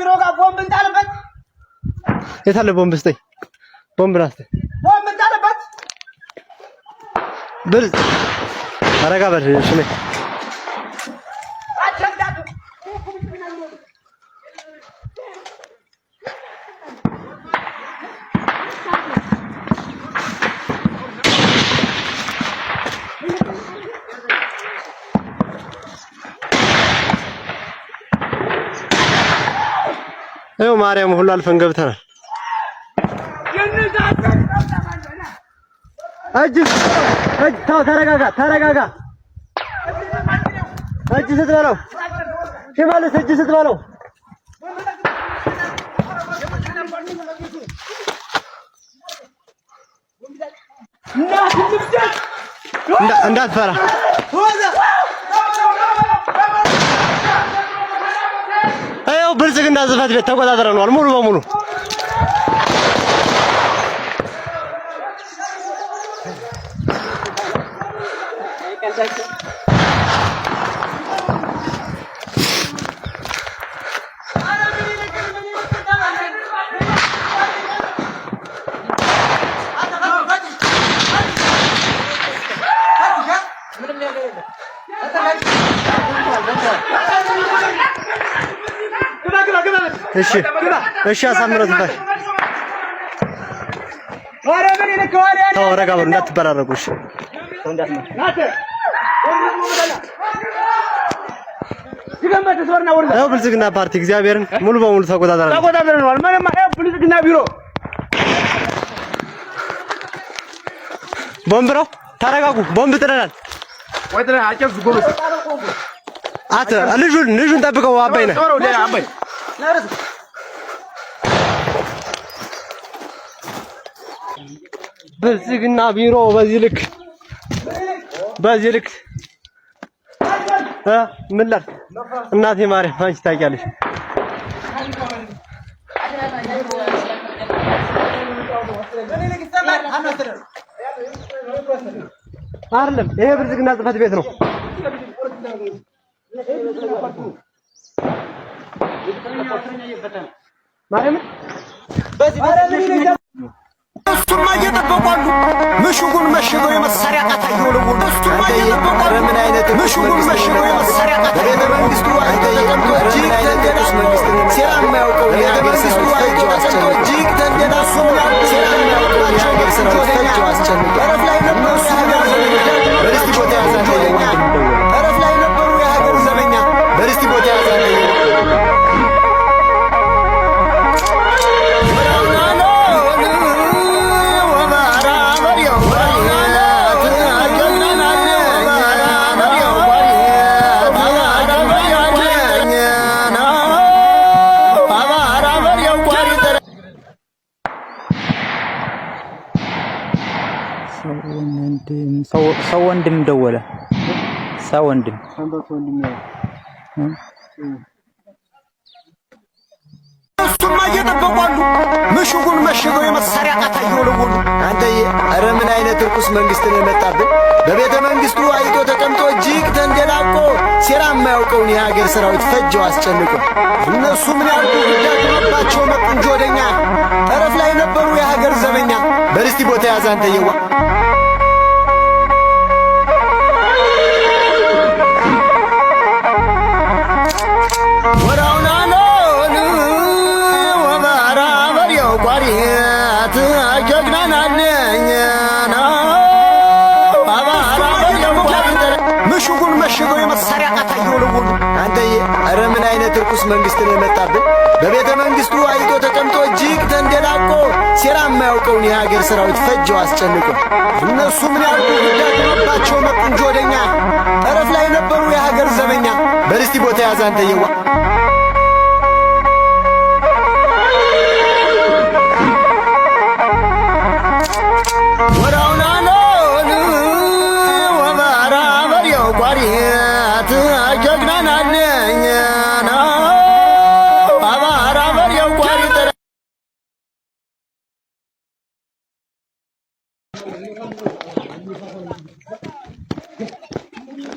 ቢሮ ጋር ቦምብ እንጣልበት። የታለ ቦምብ? ስጠኝ ቦምብ ቦምብ እንጣልበት። ብል አረጋ በል ይኸው ማርያም ሁሉ አልፈን ገብተናል። እጅ እጅ ተው፣ ተረጋጋ፣ ተረጋጋ። እጅ ስትበለው ሽመልስ፣ እጅ ስትበለው እንዳትፈራ ብልጽግና ጽህፈት ቤት ተቆጣጥረነዋል ሙሉ በሙሉ እሺ፣ እሺ። አሳምረው ትንፋሽ ተው፣ ረጋ በሉ እንዳትበራረቁ። እሺ፣ ብልጽግና ፓርቲ እግዚአብሔርን ሙሉ በሙሉ ተቆጣጠረ ተቆጣጠረናል። ምንም ብልጽግና ቢሮ ቦምብ ነው። ተረጋጉ። ቦምብ ጥለናል። ልጁን ልጁን ጠብቀው አባይ ነህ ብልጽግና ቢሮ በዚህ ልክ በዚህ ልክ ምን ላድርግ እናቴ ማርያም አንቺ ታውቂያለሽ። አይደለም ይሄ ብልጽግና ጽሕፈት ቤት ነው። ማርያምን እሱማ እየጠበቋሉ ምሽጉን መሽገው የመሳሪያ ቃታ እየወለወሉ እሱማ እየጠበቋሉ ምሽጉን መሽገው የመሳሪያ ቃታ ቤተ መንግስቱ ተቀምጦ ፈጅ አስጨንቀ ረፍ ላይ ነበሱ ሪስት ቦታ ያዛለ ወንድም ሰው ወንድም ደወለ። ሰው ወንድም እሱማ እየጠበቋሉ ምሽጉን መሽገው የመሳሪያ ቃታ እየወለወሉ አንተዬ፣ ኧረ ምን አይነት እርኩስ መንግስት ነው የመጣብን! በቤተ መንግስቱ አይቶ ተቀምጦ እጅግ ተንደላቆ ሴራ የማያውቀውን የሀገር ሰራዊት ፈጀው አስጨንቁ እነሱ ምን ያሉ ዳግመባቸው መጡ እንጂ ወደኛ ጠረፍ ላይ ነበሩ የሀገር ዘበኛ። በርስቲ ቦታ ያዝ አንተዬዋ ጀግናናነኝ ምሽጉን መሽጎ የመሳሪያ ቃታ እየወለወሉ አንተዬ፣ ኧረ ምን አይነት ርኩስ መንግሥት ነው የመጣብን! በቤተ መንግሥቱ አይቶ ተቀምጦ እጅግ ተንደላቆ ሴራ የማያውቀውን የሀገር ሠራዊት ፈጀው አስጨንቆ እነሱ ምን ያሉ ዳግኖባቸው መጡ እንጂ ወደኛ ጠረፍ ላይ ነበሩ የሀገር ዘበኛ። በርስቲ ቦታ ያዝ አንተዬዋ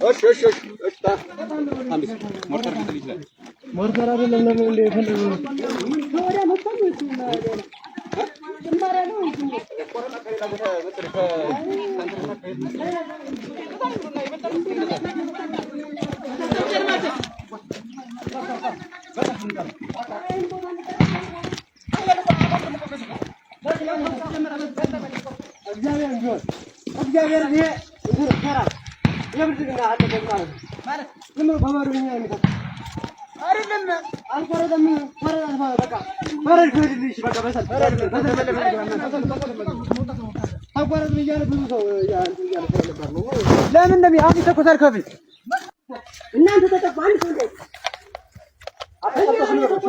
Öş öş öş. Öş ta. Tam biz. Mortar bir tane Mortar abi lan lan lan lan Thank you. እግዚአብሔር ቢሆን እግዚአብሔር ይሄ እግር ተራ የብልጽግና አለበት ማለት ማለት ዝም ብሎ በባዶኛ የሚጠጣ አይደለም። አልፈረደም ፈረዳት ማለት በቃ ፈረድ ክህድልሽ በቃ በሰል ተቋረጥ ብያለሁ። ብዙ ሰው እያለ ስለነበር ለምን እንደሚ ይተኮሳል ከፊት እናንተ ተጠፋ አንድ ሰው ላይ አጥፋ ተጠፋ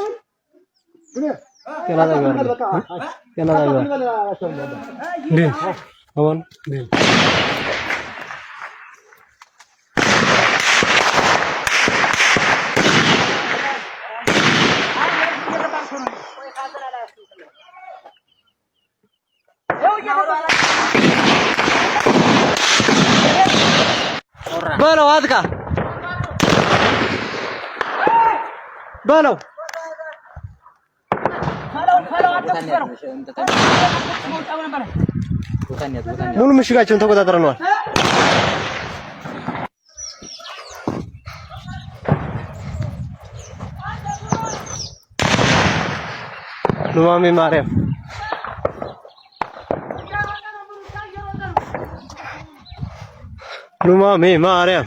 ነው কেনা যাবে কেনা যাবে deal হবন ডিল Bueno, Adka. Bueno. ሙሉ ምሽጋቸውን ተቆጣጥረነዋል። ኑማሜ ማርያም ኑማሜ ማርያም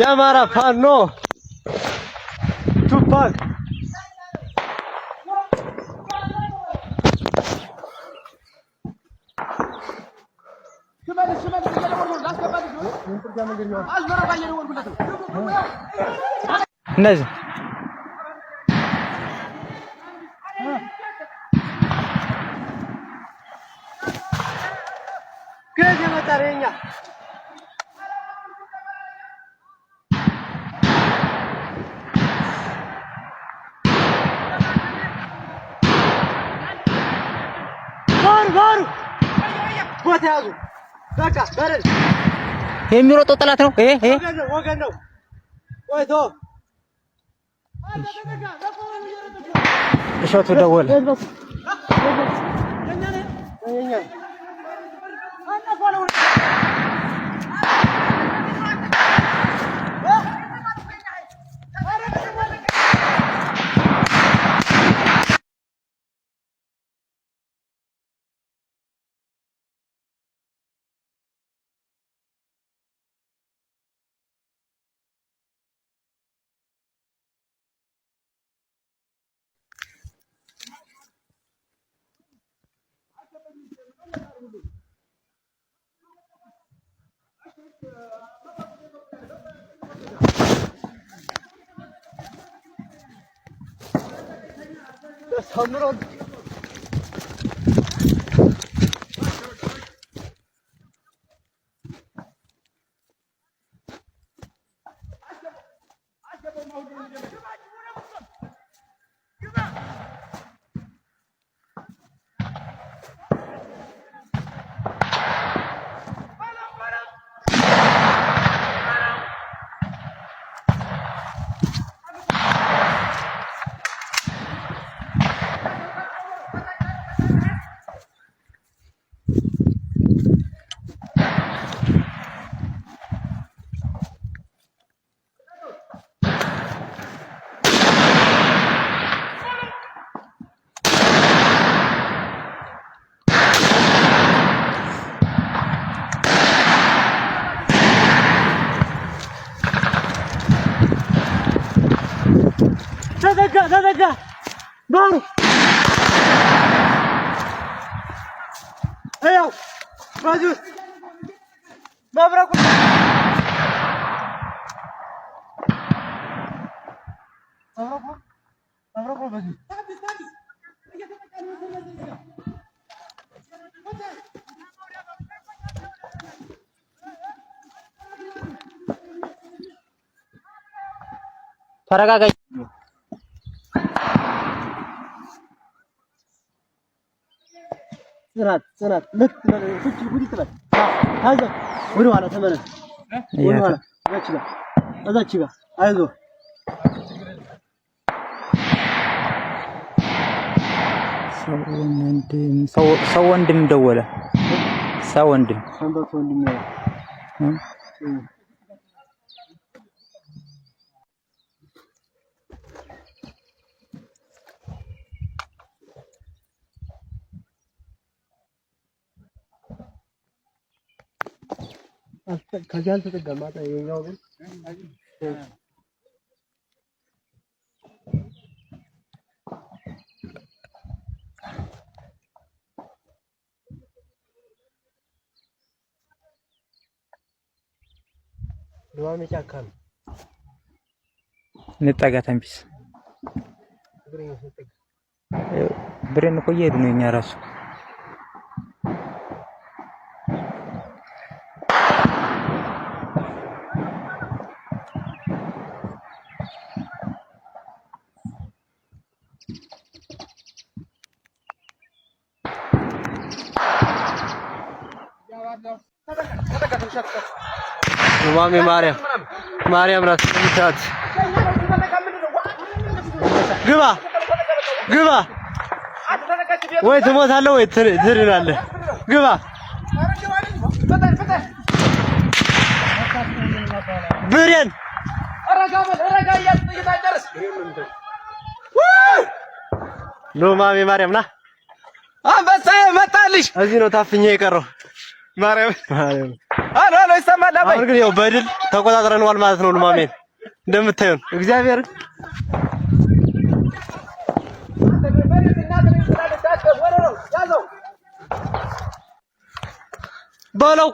የአማራ ፋኖ ቱፓክ እነዚህ ቦታ ያዙ። በቃ በረድ የሚሮጠው ጠላት ነው። ይሄ ይሄ ወገን ነው። ቆይቶ እሸቱ ደወለ። 선으로 దగ్గర దగ్గర Mano! Eu! Mas o... vai branco! Não, Vai Não, branco, Para cá, ጽናት ጽናት ለት ወደ ኋላ ተመለስ። ወደ ኋላ እዛች ጋር አይዞህ። ሰው ወንድም ደወለ። ሰው ወንድም ከዚህ አልተጠጋም። ይኸኛው ግን ድማሜ ጫካ ነው። እንጠጋ ተንቢስ ብሬን እኮ እየሄዱ ነው የእኛ እራሱ ማሚ ማርያም ማርያም ራት ምታት ግባ ግባ ወይ ትሞታለህ ወይ ትድናለህ። ግባ ብሬን ኖ ማሚ ማርያም ና አንበሳዬ መጣልሽ። እዚህ ነው ታፍኛ የቀረው ማርያም ማርያም ይሰማል። አሁን ግን ያው በድል ተቆጣጥረነዋል ማለት ነው። ልማሜን እንደምታዩን እግዚአብሔር በለው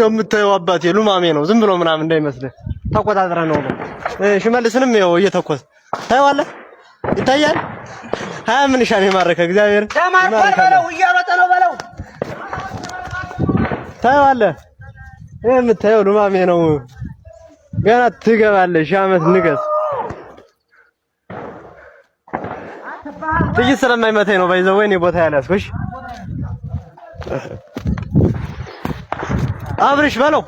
የምታየው አባቴ ሉማሜ ነው። ዝም ብሎ ምናምን እንዳይመስልህ ተቆጣጥረ ነው ነው። ሽመልስንም ይኸው እየተኮስ ታየዋለህ፣ ይታያል። ሀያ ምን ሻን የማረከ እግዚአብሔር ተማርኮ ነው። እያሮጠ ነው በለው ታየዋለህ። ይህ የምታየው ሉማሜ ነው። ገና ትገባለህ። ሺህ ዓመት ንገስ። ጥይት ስለማይመታኝ ነው። ወይ ወይኔ ቦታ ያልያዝኩሽ አብርሽ በለው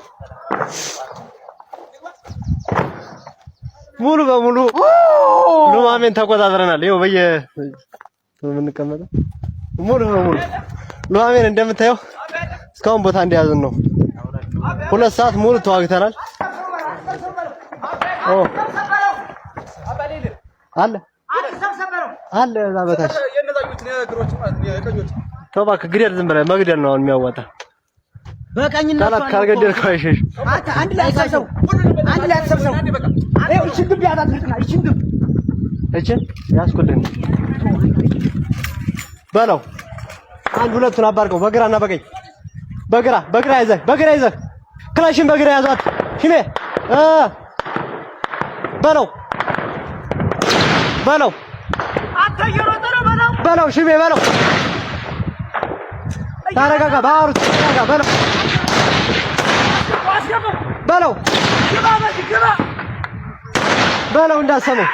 ሙሉ በሙሉ ሉማሜን ተቆጣጥረናል። ይኸው በየ የምንቀመጠው ሙሉ በሙሉ ሉማሜን እንደምታየው እስካሁን ቦታ እንደያዝን ነው። ሁለት ሰዓት ሙሉ ተዋግተናል። አለ አለ እዛ በታች ተው እባክህ ግደል። ዝም ብለህ መግደል ነው አሁን የሚያዋጣ። በቀኝና ታላቅ ካልገደልከው አይሸሽ። አንድ ላይ ተሰብሰቡ፣ አንድ ላይ ተሰብሰቡ። አይ እቺን ግብ ያባክርትና እቺን ግብ እቺ ያስኩልን በለው። አንድ ሁለቱን አባርቀው በግራና በቀኝ በግራ በግራ ይዘህ በግራ ይዘህ ክላሽን በግራ ያዟት። ሽሜ በለው በለው በለው ሽሜ በለው ታረጋጋ ባሩ ታረጋጋ በለው በለው በለው እንዳሰመው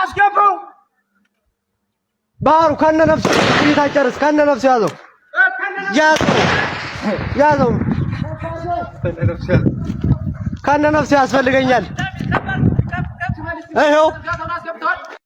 አስገባው ባሩ ከነ ነፍሱ ይታጨርስ ከነ ነፍሱ ያዘው ያዘው ያዘው ከነ ነፍሴ ያስፈልገኛል። ይኸው